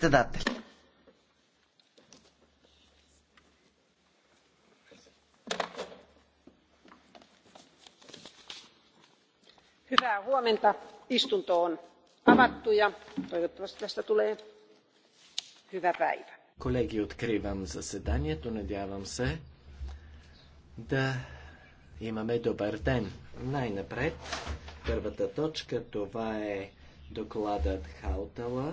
председател. Hyvää huomenta. Istunto on avattu ja toivottavasti tästä tulee hyvä päivä. Колеги, откривам заседанието. Надявам се да имаме добър ден. Най-напред, първата точка, това е докладът Хаутала